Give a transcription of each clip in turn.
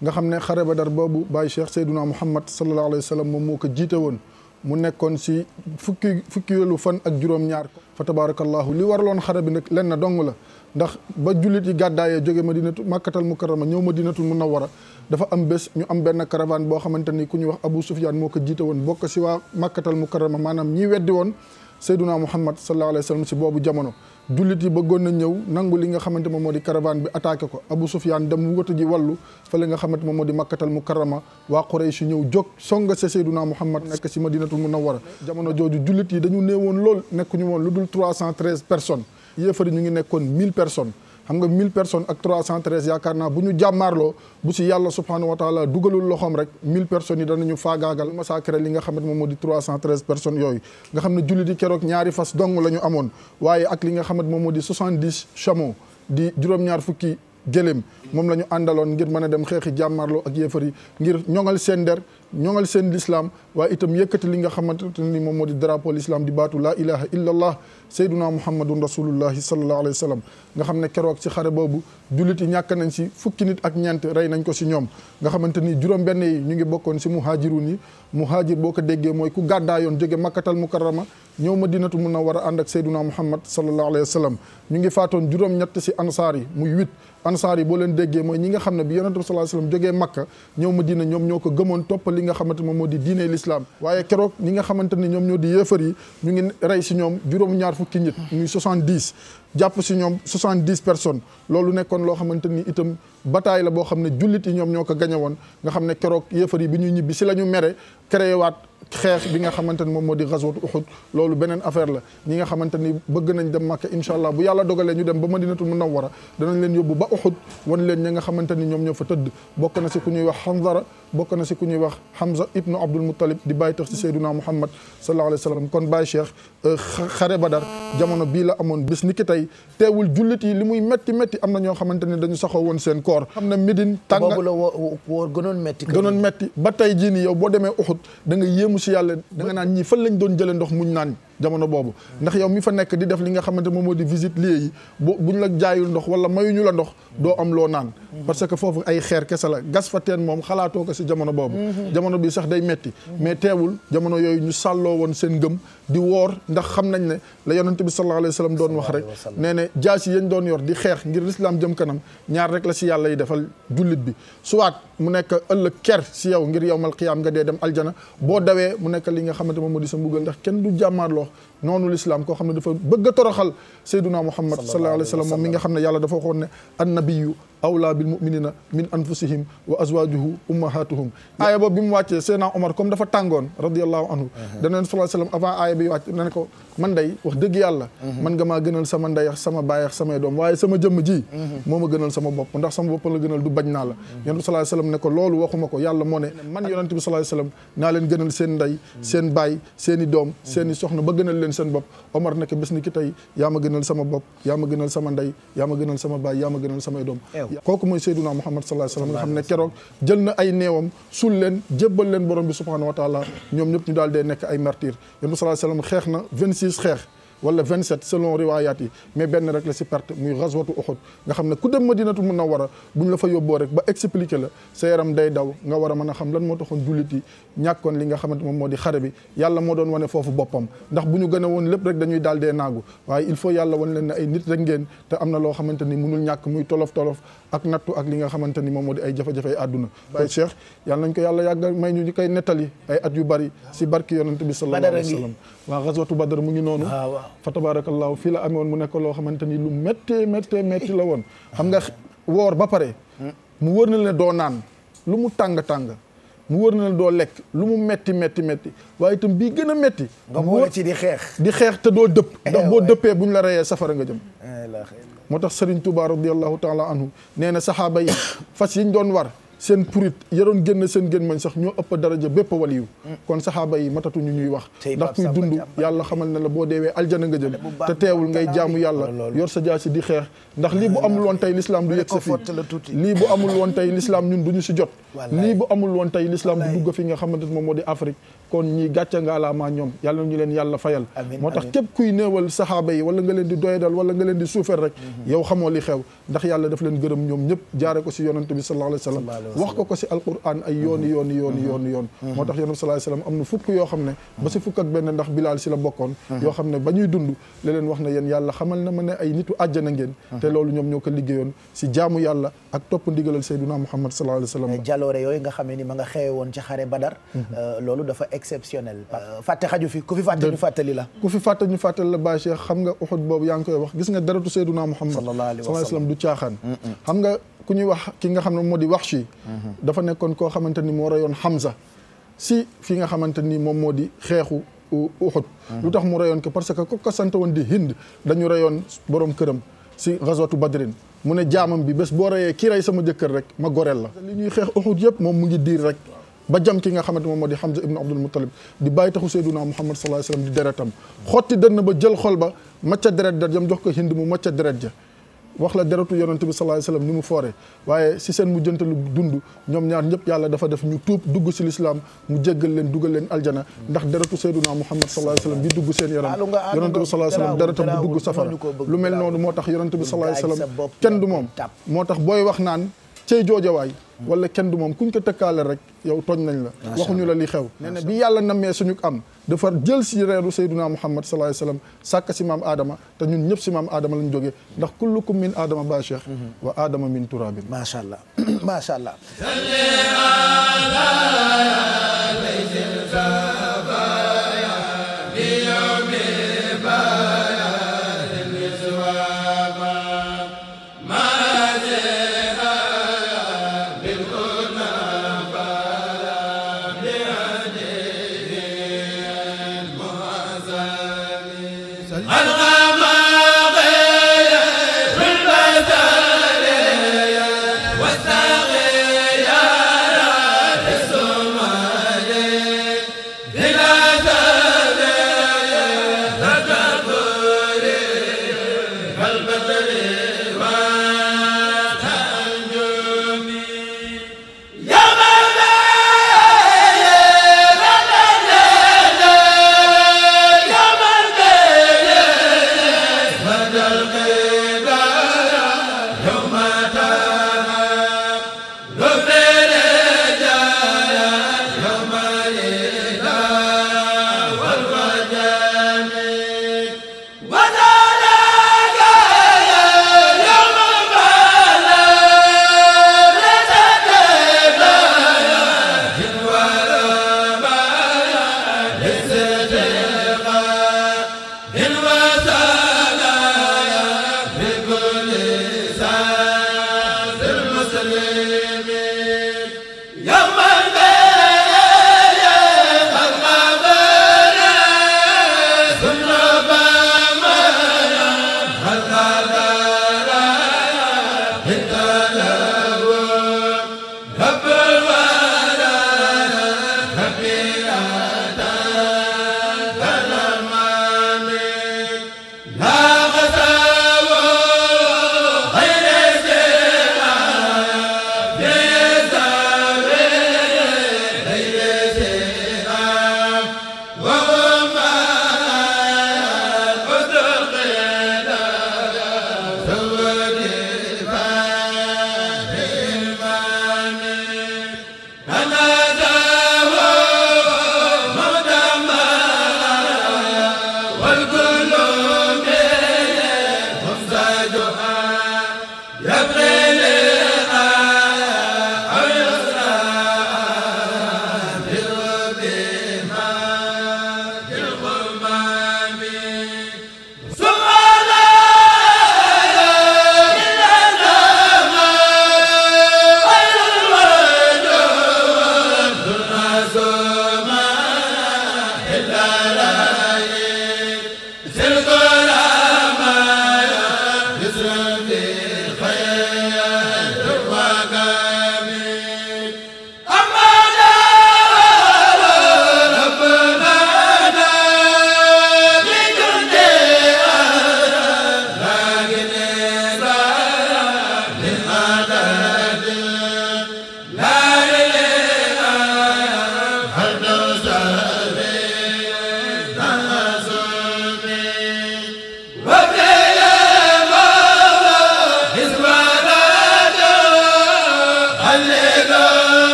nga xam ne xare badar boobu Baye Cheikh Seydouna Mouhamed sallallahu alayhi wa sallam moom moo ko jiite woon mu nekkoon si fukki fukkielu fan ak juróom-ñaar fa tabarakallahu li waraloon xare bi nag len na dong la ndax ba jullit yi gàddaayee jóge madinatu màkkatal mukarrama ñëw ma madinatul munawwara dafa am bés ñu am benn caravane boo xamante ni ku ñuy wax Abu Sufyaan moo ko jiite woon bokk si waa màkkatal mukarrama maanaam ñi weddi woon Seyduna Muhammad sallallahu alayhi wa sallam si boobu jamono jullit yi bëggoon na ñëw nangu li nga xamante moom moo di caravane bi attaqué ko Abu Sufyaan dem wëtu ji wàllu fa li nga xamante moom moo di makkatal mukarrama waa Quraysh ñëw jóg songa sa Seyduna Muhammad nekk si madinatul munawwara jamono jooju jullit yi dañu néewoon lool nekkuñu woon lu dul trois cent treize personnes yéefari ñu ngi nekkoon mille personnes xam nga 1000 personnes ak 313 yaakaar naa bu ñu jàmmaarloo bu si yàlla subhaanahu wa taala dugalul loxoom rek 1000 personnes yi danañu faagaagal massacre li nga xam ne moom moo di 313 personnes yooyu nga xam ne jullit yi keroog ñaari fas dong la amoon waaye ak li nga xam ne moom moo di 70 chameaux di juróom-ñaar fukki gëléem moom la ñu àndaloon ngir mën a dem xeexi jàmmaarloo ak yéefar yi ngir ñoŋal seen der ñoŋal seen lislaam waa itam yëkkati li nga xamante ni moom moo di drapeau lislaam di baatu laa ilaha illa allah sayduna muhammadun rasulullahi sallallahu alayhi wa sallam nga xam ne keroog si xare boobu jullit yi ñàkk nañ si fukki nit ak ñeent rey nañ ko si ñoom nga xamante ni juróom-benn yi ñu ngi bokkoon si muhaajiruun yi muhaajir boo ko déggee mooy ku gàddaayoon jóge makkatal mukarrama ñëw ma dinatu war a ànd ak Seyduna Muhammad sallallahu alayhi wa sallam ñu ngi faatoon juróom-ñett si ansaar yi muy huit ansaar yi boo leen déggee mooy ñi nga xam ne bi yeneen bi sallallahu alayhi wa sallam jógee Makka ñëw Madina ñoom ñoo ko gëmoon topp li nga xamante moom moo di diine l'islam waaye keroog ñi nga xamante ne ñoom ñoo di yéefar yi ñu ngi rey si ñoom juróom-ñaar fukki nit muy soixante-dix jàpp si ñoom soixante-dix personnes loolu nekkoon loo xamante ni itam bataille la boo xam ne jullit yi ñoom ñoo ko gañe nga xam ne keroog yéefar yi bi ñuy ñibbi si la ñu mere créé waat xeex bi nga xamante ni moom moo di ghazwat Uhud loolu beneen affaire la ñi nga xamante ni bëgg nañ dem Makka incha allah bu yàlla dogalee ñu dem ba ma Madinatul Munawwara danañ leen yóbbu ba Uhud wan leen ñi nga xamante ni ñoom ñoo fa tëdd bokk na si ku ñuy wax Hanzara bokk na si ku ñuy wax Hamza ibnu Abdul Muttalib di bàyyi tax si Seyduna Muhammad sallallahu alayhi wa sallam kon Baye Cheikh euh, xare Badar jamono bii la amoon bis ni tey teewul jullit yi li muy métti métti am na ñoo xamante ne dañu saxoo woon seen koor am na Médine tàng boobu la woor gënoon métti gënoon métti ba tey jii nii yow boo demee Uhud da nga yéemu si yàlla da nga naan ñii fan lañ doon jëlee ndox muñ naan jamono boobu ndax yow mi fa nekk di def li nga xamante moom moo di visite lieu yi bu buñ la jaayul ndox wala mayuñu la ndox doo am loo naan mm-hmm. parce que foofu ay xeer kese la gas fa teen moom xalaatoo ko si jamono boobu mm-hmm. jamono bi sax day metti mm-hmm. mais teewul jamono yooyu ñu sàlloo woon seen ngëm di woor ndax xam nañ ne la yonent bi sallallahu alayhi wa sallam doon wax rek nee ne jaas yi yañ doon yor di xeex ngir lislaam jëm kanam ñaar rek la si yàlla yi defal jullit bi soit mu nekk ëllëg ker si yow ngir yowmal qiyaam nga dee dem aljana boo dawee mu nekk li nga xamante moom moo sa mbugal ndax kenn du jàmmaarloo noonu l'islam koo xam ne dafa bëgg a toroxal sayduna muhammad sallallahu alayhi wa sallam mi nga xam ne yàlla dafa waxoon ne annabiyu wa azwajuhu ummahatuhum aaya mu wàccee seydna omar comme dafa tàngoon radiallahu anhu uh-huh. daneen sallallahu alayhi wa sallam avant aaya na man day wax dëgg yàlla uh-huh. man nga maa gënal sama ndey ak sama baay ak samay doom waaye sama jëmm ji uh-huh. moo ma gënal sama bopp ndax sama bopp la gënal du naa la yonent bi sallallahu alayhi wa sallam ne ko loolu waxuma ko yàlla moo ne man yonent bi sallallahu alayhi wa sallam naa leen gënal seen ndey seen baay seen i doom seen i soxna gënal leen seen bopp Omar nekk bés ni ki tey yaa ma gënal sama bopp yaa ma gënal sama sama baay yaa ma gënal samay doom kooku mooy Seyduna Muhammad sallallahu alayhi wasallam keroog jël na ay néewam suul leen jébbal leen borom bi subhanahu wa taala ñoom ñëpp ñu daal dee nekk ay martyr yéen sallallahu xeex na 26 xeex wala 27 selon riwaayaat yi mais benn rek la si perte muy xaswatu uxud nga xam ne ku dem madinatu munawwara buñ la fa yóbboo rek ba expliqué la sa yaram day daw nga war a mën a xam lan moo taxoon jullit yi ñàkkoon li nga xamante moom moo di xare bi yàlla moo doon wane foofu boppam ndax bu ñu gën a woon lépp rek dañuy daal dee naagu waaye il faut yàlla wan leen ne ay nit rek ngeen te am na loo xamante ni mënul ñàkk muy tolof tolof ak nattu ak li nga xamante ni moom moo di ay jafe-jafe àdduna kon cheikh yàlla nañ ko yàlla yàgg may ñu ñu koy nettali ay at yu bari si barki yonante bi sallallahu alayhi wa sallam waaw xaswatu badar mu ngi noonu fa tabaarakallaahu fii la amee woon mu nekk loo xamante ni lu méttee méttee métti la woon xam nga woor ba pare mu wër na la doo naan lu mu tàng-tàng mu wër na la doo lekk lu mu metti metti metti waaye itam bii gën a metti nga boole ci di xeex di xeex te doo dëpp eh ndax boo dëppee buñ la reyee safara nga jëm eh, moo tax Serigne Touba radiallahu taala anhu nee na saxaaba yi fas yiñ doon war seen purit yaroon génn seen gén mañ sax ñoo ëpp daraja bépp waliyu kon saxaaba yi matatu ñu ñuy wax ndax kuy dund yàlla xamal na la boo deewee aljana nga jëm te teewul ngay jaamu yàlla oh, yor sa jaasi di xeex ndax lii bu amul woon tey lislaam du yegg sa fii lii bu amul woon tey lislaam ñun du ñu si jot lii bu amul woon tey lislaam du dugg fi nga xamante moom moo di Afrique kon ñi gàcce ngaalaama ñoom yàlla ñu leen fayal moo kep kuy néewal saxaaba yi wala nga leen di doyadal wala nga leen di suufeel rek mhm. yow xamoo li xew ndax yàlla daf leen gërëm jaare ko si yonante bi sallallahu alayhi wasallam wax ko ko si alquran ay mhm. yooni yooni yooni mhm. yooni yoon moo tax sallallahu alayhi wasallam am fukk yoo xam ba si fukk ak benn ndax si la bokkoon yoo xam ne dund leen wax xamal na ma ne ay nitu ngeen te jaamu ak ndigalal muhammad sallallahu alayhi wasallam jaloore yooyu nga xam ni ma nga ci badar euh, loolu dafa exceptionnel. Euh, fàtte xaju fi ku fi fàtte ñu fàttali la. ku fi xam nga Uhud boobu yaa koy wax gis nga daratu Seyduna Muhammad sallallahu wa sallam du caaxaan. xam nga ku ñuy wax ki nga xam ne moo di Wahshi. Mm-hmm. dafa nekkoon koo xamante moo rayoon Hamza. si fi nga xamante ni moom moo di xeexu. Uhud mm-hmm. lu tax mu rayoon ko parce que ko ko sant woon di Hind dañu rayoon borom këram si gazwatu Badrin mu ne jaamam bi bés boo rayee kii ray sama jëkkër rek ma goreel la li ñuy moom mu ngi diir rek ba jam ki nga xamante moom moo di Hamza ibn Abdul Muttalib di bàyyi taxu Seyduna Muhammad sallallahu alayhi di deretam xotti dënn ba jël xol ba macca deret ja jam jox ko Hind mu macca deret ja wax la deretu yonent bi sallallahu alayhi wasallam ni mu foore waaye si seen mu jëntalu dund ñoom ñaar ñëpp yàlla dafa def ñu tuub dugg si lislaam mu jéggal leen dugal leen aljana ndax deretu sayduna muhammad sallallahu alayhi wasallam bi dugg seen yaram yonent deretam bu dugg safara lu mel noonu moo tax yonent bi sallallahu alayhi wasallam kenn du moom moo tax booy sey cey joojawaay wala kenn du moom kuñ ko rek yow tooñ nañ la waxuñu la li xew nee na bi yàlla nammee suñu am dafa jël si reeru sayduna muhammad sallallahu alayhi wasallam sàkk si maam aadama te ñun ñëpp si maam aadama lañ jógee ndax kullukum min aadama ba cheikh mhm. wa aadama min turabin macha allah allah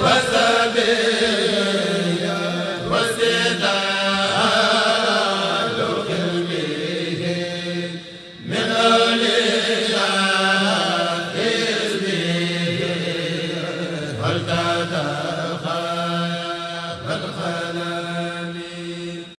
wa